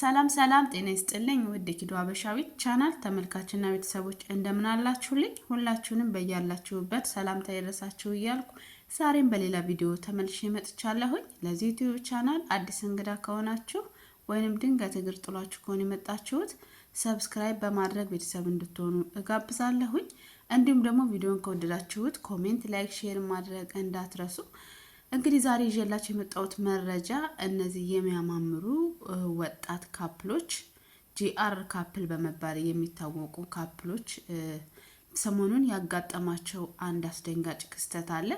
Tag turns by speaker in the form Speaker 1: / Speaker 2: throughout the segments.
Speaker 1: ሰላም ሰላም፣ ጤና ይስጥልኝ ውድ ኪዶ አበሻዊት ቻናል ተመልካችና ቤተሰቦች እንደምን አላችሁልኝ? ሁላችሁንም በያላችሁበት ሰላምታ ይድረሳችሁ እያልኩ ዛሬም በሌላ ቪዲዮ ተመልሼ መጥቻለሁኝ። ለዚህ ዩቲዩብ ቻናል አዲስ እንግዳ ከሆናችሁ ወይንም ድንገት እግር ጥሏችሁ ከሆነ የመጣችሁት ሰብስክራይብ በማድረግ ቤተሰብ እንድትሆኑ እጋብዛለሁኝ። እንዲሁም ደግሞ ቪዲዮን ከወደዳችሁት ኮሜንት፣ ላይክ፣ ሼር ማድረግ እንዳትረሱ እንግዲህ ዛሬ ይዤላችሁ የመጣሁት መረጃ እነዚህ የሚያማምሩ ወጣት ካፕሎች ጂአር ካፕል በመባል የሚታወቁ ካፕሎች ሰሞኑን ያጋጠማቸው አንድ አስደንጋጭ ክስተት አለ።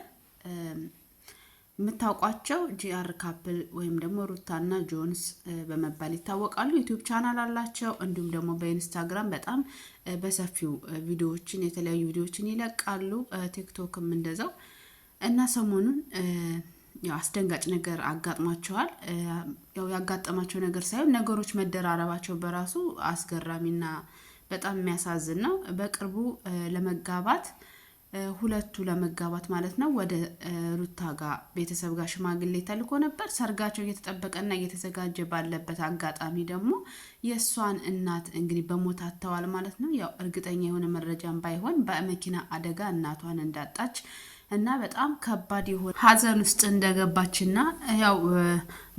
Speaker 1: የምታውቋቸው ጂአር ካፕል ወይም ደግሞ ሩታና ጆንስ በመባል ይታወቃሉ። ዩቲዩብ ቻናል አላቸው። እንዲሁም ደግሞ በኢንስታግራም በጣም በሰፊው ቪዲዮዎችን የተለያዩ ቪዲዮዎችን ይለቃሉ። ቲክቶክም እንደዛው እና ሰሞኑን ያው አስደንጋጭ ነገር አጋጥሟቸዋል። ያው ያጋጠማቸው ነገር ሳይሆን ነገሮች መደራረባቸው በራሱ አስገራሚና በጣም የሚያሳዝን ነው። በቅርቡ ለመጋባት ሁለቱ ለመጋባት ማለት ነው ወደ ሩታ ጋር ቤተሰብ ጋር ሽማግሌ ተልኮ ነበር። ሰርጋቸው እየተጠበቀና እየተዘጋጀ ባለበት አጋጣሚ ደግሞ የእሷን እናት እንግዲህ በሞት አጥተዋል ማለት ነው። ያው እርግጠኛ የሆነ መረጃም ባይሆን በመኪና አደጋ እናቷን እንዳጣች እና በጣም ከባድ የሆነ ሀዘን ውስጥ እንደገባችና ያው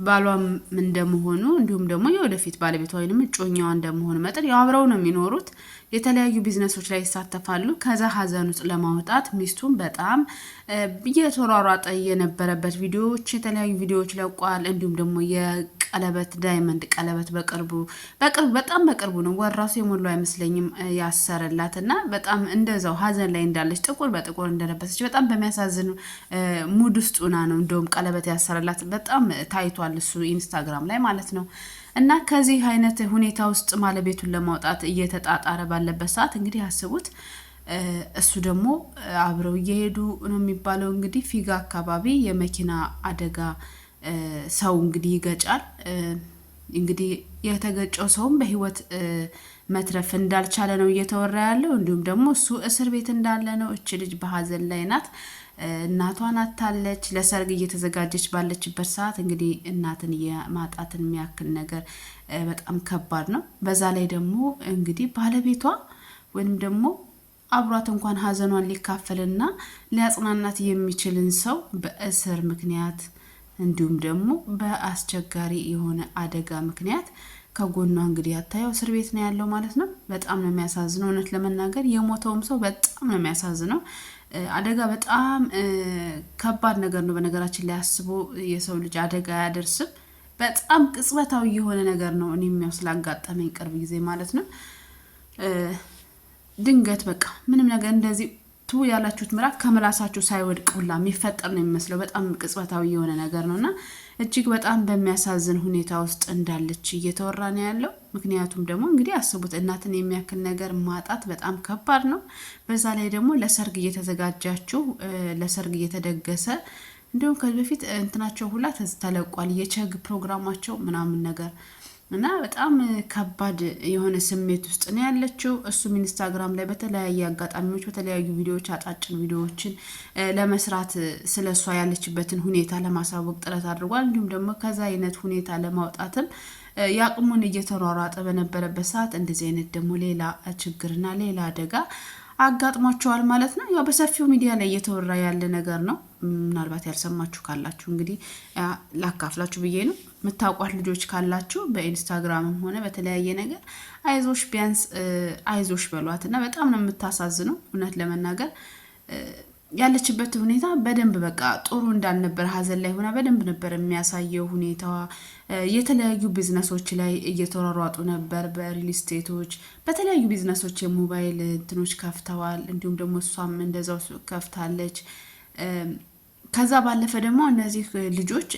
Speaker 1: ባሏም እንደመሆኑ እንዲሁም ደግሞ የወደፊት ባለቤቷ ወይንም እጮኛዋ እንደመሆኑ መጠን ያው አብረው ነው የሚኖሩት። የተለያዩ ቢዝነሶች ላይ ይሳተፋሉ። ከዛ ሀዘን ውስጥ ለማውጣት ሚስቱን በጣም እየተሯሯጠ የነበረበት ቪዲዮዎች የተለያዩ ቪዲዮዎች ለቋል። እንዲሁም ደግሞ ቀለበት፣ ዳይመንድ ቀለበት በቅርቡ በቅርቡ በጣም በቅርቡ ነው። ወር ራሱ የሞሉ አይመስለኝም ያሰረላት እና በጣም እንደዛው ሀዘን ላይ እንዳለች ጥቁር በጥቁር እንደለበሰች በጣም በሚያሳዝን ሙድ ውስጥ ሆና ነው እንደውም ቀለበት ያሰረላት በጣም ታይቷል። እሱ ኢንስታግራም ላይ ማለት ነው። እና ከዚህ አይነት ሁኔታ ውስጥ ባለቤቱን ለማውጣት እየተጣጣረ ባለበት ሰዓት እንግዲህ አስቡት እሱ ደግሞ አብረው እየሄዱ ነው የሚባለው እንግዲህ ፊጋ አካባቢ የመኪና አደጋ ሰው እንግዲህ ይገጫል። እንግዲህ የተገጨው ሰውም በህይወት መትረፍ እንዳልቻለ ነው እየተወራ ያለው። እንዲሁም ደግሞ እሱ እስር ቤት እንዳለ ነው። እች ልጅ በሀዘን ላይ ናት። እናቷን አታለች። ለሰርግ እየተዘጋጀች ባለችበት ሰዓት እንግዲህ እናትን የማጣትን የሚያክል ነገር በጣም ከባድ ነው። በዛ ላይ ደግሞ እንግዲህ ባለቤቷ ወይም ደግሞ አብሯት እንኳን ሀዘኗን ሊካፈልና ሊያጽናናት የሚችልን ሰው በእስር ምክንያት እንዲሁም ደግሞ በአስቸጋሪ የሆነ አደጋ ምክንያት ከጎኗ እንግዲህ ያታየው እስር ቤት ነው ያለው ማለት ነው። በጣም ነው የሚያሳዝነው። እውነት ለመናገር የሞተውም ሰው በጣም ነው የሚያሳዝነው። አደጋ በጣም ከባድ ነገር ነው። በነገራችን ላይ አስቦ የሰው ልጅ አደጋ አያደርስም። በጣም ቅጽበታዊ የሆነ ነገር ነው። እኔ የሚያው ስላጋጠመኝ ቅርብ ጊዜ ማለት ነው ድንገት በቃ ምንም ነገር እንደዚህ ቱ ያላችሁት ምራቅ ከምላሳችሁ ሳይወድቅ ሁላ የሚፈጠር ነው የሚመስለው። በጣም ቅጽበታዊ የሆነ ነገር ነው እና እጅግ በጣም በሚያሳዝን ሁኔታ ውስጥ እንዳለች እየተወራ ነው ያለው። ምክንያቱም ደግሞ እንግዲህ አስቡት እናትን የሚያክል ነገር ማጣት በጣም ከባድ ነው። በዛ ላይ ደግሞ ለሰርግ እየተዘጋጃችሁ ለሰርግ እየተደገሰ እንዲሁም ከዚህ በፊት እንትናቸው ሁላ ተለቋል፣ የቸግ ፕሮግራማቸው ምናምን ነገር እና በጣም ከባድ የሆነ ስሜት ውስጥ ነው ያለችው። እሱም ኢንስታግራም ላይ በተለያየ አጋጣሚዎች በተለያዩ ቪዲዮዎች አጫጭር ቪዲዮዎችን ለመስራት ስለ እሷ ያለችበትን ሁኔታ ለማሳወቅ ጥረት አድርጓል። እንዲሁም ደግሞ ከዛ አይነት ሁኔታ ለማውጣትም የአቅሙን እየተሯሯጠ በነበረበት ሰዓት እንደዚህ አይነት ደግሞ ሌላ ችግርና ሌላ አደጋ አጋጥሟቸዋል ማለት ነው። ያው በሰፊው ሚዲያ ላይ እየተወራ ያለ ነገር ነው። ምናልባት ያልሰማችሁ ካላችሁ እንግዲህ ላካፍላችሁ ብዬ ነው። የምታውቋት ልጆች ካላችሁ በኢንስታግራምም ሆነ በተለያየ ነገር አይዞሽ ቢያንስ አይዞሽ በሏት እና በጣም ነው የምታሳዝነው። እውነት ለመናገር ያለችበት ሁኔታ በደንብ በቃ ጥሩ እንዳልነበረ ሀዘን ላይ ሆና በደንብ ነበር የሚያሳየው ሁኔታዋ። የተለያዩ ቢዝነሶች ላይ እየተሯሯጡ ነበር፣ በሪል ስቴቶች፣ በተለያዩ ቢዝነሶች የሞባይል እንትኖች ከፍተዋል። እንዲሁም ደግሞ እሷም እንደዛው ከፍታለች። ከዛ ባለፈ ደግሞ እነዚህ ልጆች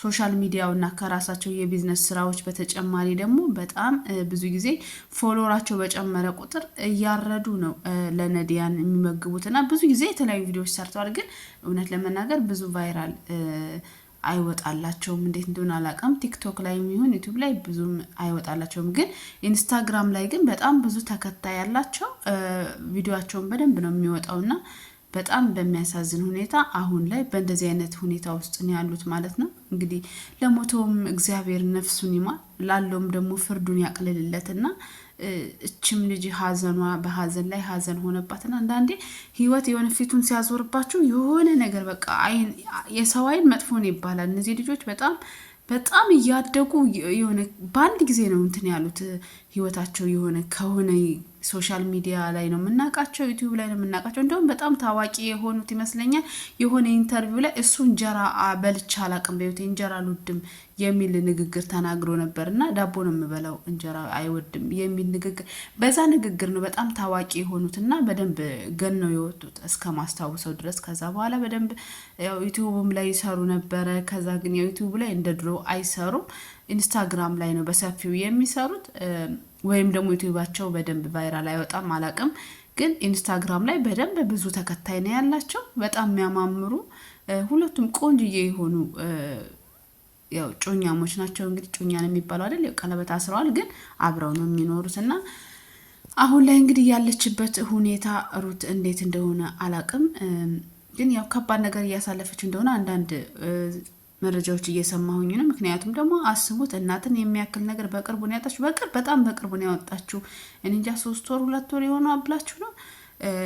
Speaker 1: ሶሻል እና ከራሳቸው የቢዝነስ ስራዎች በተጨማሪ ደግሞ በጣም ብዙ ጊዜ ፎሎወራቸው በጨመረ ቁጥር እያረዱ ነው ለነዲያን የሚመግቡት እና ብዙ ጊዜ የተለያዩ ቪዲዮዎች ሰርተዋል። ግን እውነት ለመናገር ብዙ ቫይራል አይወጣላቸውም እንዴት እንደሆነ አላውቅም። ቲክቶክ ላይ የሚሆን ዩቱብ ላይ ብዙም አይወጣላቸውም። ግን ኢንስታግራም ላይ ግን በጣም ብዙ ተከታይ ያላቸው ቪዲዮቸውን በደንብ ነው የሚወጣው እና በጣም በሚያሳዝን ሁኔታ አሁን ላይ በእንደዚህ አይነት ሁኔታ ውስጥ ነው ያሉት ማለት ነው። እንግዲህ ለሞተውም እግዚአብሔር ነፍሱን ይማር፣ ላለውም ደግሞ ፍርዱን ያቅልልለትና እችም ልጅ ሀዘኗ በሀዘን ላይ ሀዘን ሆነባትና አንዳንዴ ህይወት የሆነ ፊቱን ሲያዞርባችሁ የሆነ ነገር በቃ አይን የሰው አይን መጥፎ ነው ይባላል። እነዚህ ልጆች በጣም በጣም እያደጉ የሆነ በአንድ ጊዜ ነው እንትን ያሉት ህይወታቸው የሆነ ከሆነ ሶሻል ሚዲያ ላይ ነው የምናውቃቸው፣ ዩቲዩብ ላይ ነው የምናውቃቸው። እንደውም በጣም ታዋቂ የሆኑት ይመስለኛል የሆነ ኢንተርቪው ላይ እሱ እንጀራ በልቼ አላቅም በህይወቴ እንጀራ አልወድም የሚል ንግግር ተናግሮ ነበር እና ዳቦ ነው የምበላው እንጀራ አይወድም የሚል ንግግር፣ በዛ ንግግር ነው በጣም ታዋቂ የሆኑት እና በደንብ ገን ነው የወጡት እስከ ማስታውሰው ድረስ። ከዛ በኋላ በደንብ ዩቲዩብም ላይ ይሰሩ ነበረ። ከዛ ግን የዩቲዩብ ላይ እንደ ድሮ አይሰሩም። ኢንስታግራም ላይ ነው በሰፊው የሚሰሩት፣ ወይም ደግሞ ዩቲዩባቸው በደንብ ቫይራል አይወጣም አላቅም። ግን ኢንስታግራም ላይ በደንብ ብዙ ተከታይ ነው ያላቸው። በጣም የሚያማምሩ ሁለቱም ቆንጅዬ የሆኑ ያው ጮኛሞች ናቸው። እንግዲህ ጮኛ ነው የሚባለው አይደል? ያው ቀለበት አስረዋል፣ ግን አብረው ነው የሚኖሩት እና አሁን ላይ እንግዲህ ያለችበት ሁኔታ ሩት እንዴት እንደሆነ አላቅም። ግን ያው ከባድ ነገር እያሳለፈች እንደሆነ አንዳንድ መረጃዎች እየሰማሁኝ ነው። ምክንያቱም ደግሞ አስቡት እናትን የሚያክል ነገር በቅርቡ ነው ያጣችሁ። በቅርብ በጣም በቅርቡ ነው ያወጣችሁ። እንጃ ሶስት ወር ሁለት ወር የሆነ አብላችሁ ነው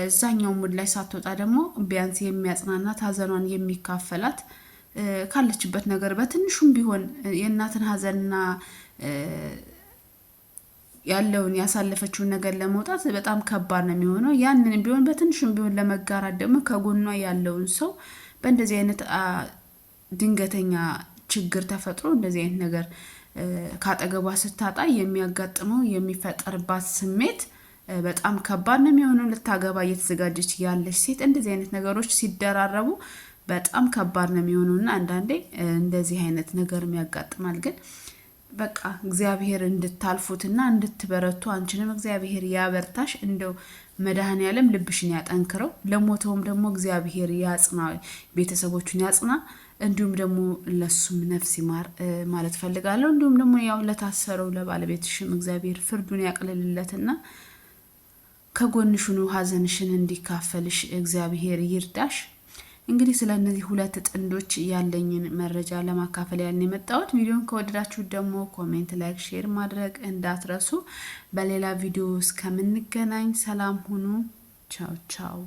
Speaker 1: እዛኛው ሙድ ላይ ሳትወጣ ደግሞ ቢያንስ የሚያጽናናት ሀዘኗን የሚካፈላት ካለችበት ነገር በትንሹም ቢሆን የእናትን ሀዘንና ያለውን ያሳለፈችውን ነገር ለመውጣት በጣም ከባድ ነው የሚሆነው። ያንን ቢሆን በትንሹም ቢሆን ለመጋራት ደግሞ ከጎኗ ያለውን ሰው በእንደዚህ አይነት ድንገተኛ ችግር ተፈጥሮ እንደዚህ አይነት ነገር ካጠገቧ ስታጣ የሚያጋጥመው የሚፈጠርባት ስሜት በጣም ከባድ ነው የሚሆነው። ልታገባ እየተዘጋጀች ያለች ሴት እንደዚህ አይነት ነገሮች ሲደራረቡ በጣም ከባድ ነው የሚሆነው እና አንዳንዴ እንደዚህ አይነት ነገርም ያጋጥማል። ግን በቃ እግዚአብሔር እንድታልፉትና እንድትበረቱ አንችንም እግዚአብሔር ያበርታሽ እንደው መድኃኔ ዓለም ልብሽን ያጠንክረው። ለሞተውም ደግሞ እግዚአብሔር ያጽና፣ ቤተሰቦቹን ያጽና። እንዲሁም ደግሞ ለሱም ነፍስ ይማር ማለት ፈልጋለሁ። እንዲሁም ደግሞ ያው ለታሰረው ለባለቤትሽም እግዚአብሔር ፍርዱን ያቅልልለትና ከጎንሽኑ ሀዘንሽን እንዲካፈልሽ እግዚአብሔር ይርዳሽ። እንግዲህ ስለ እነዚህ ሁለት ጥንዶች ያለኝን መረጃ ለማካፈል ያልን የመጣሁት። ቪዲዮን ከወደዳችሁ ደግሞ ኮሜንት፣ ላይክ፣ ሼር ማድረግ እንዳትረሱ። በሌላ ቪዲዮ እስከምንገናኝ ሰላም ሁኑ። ቻው ቻው።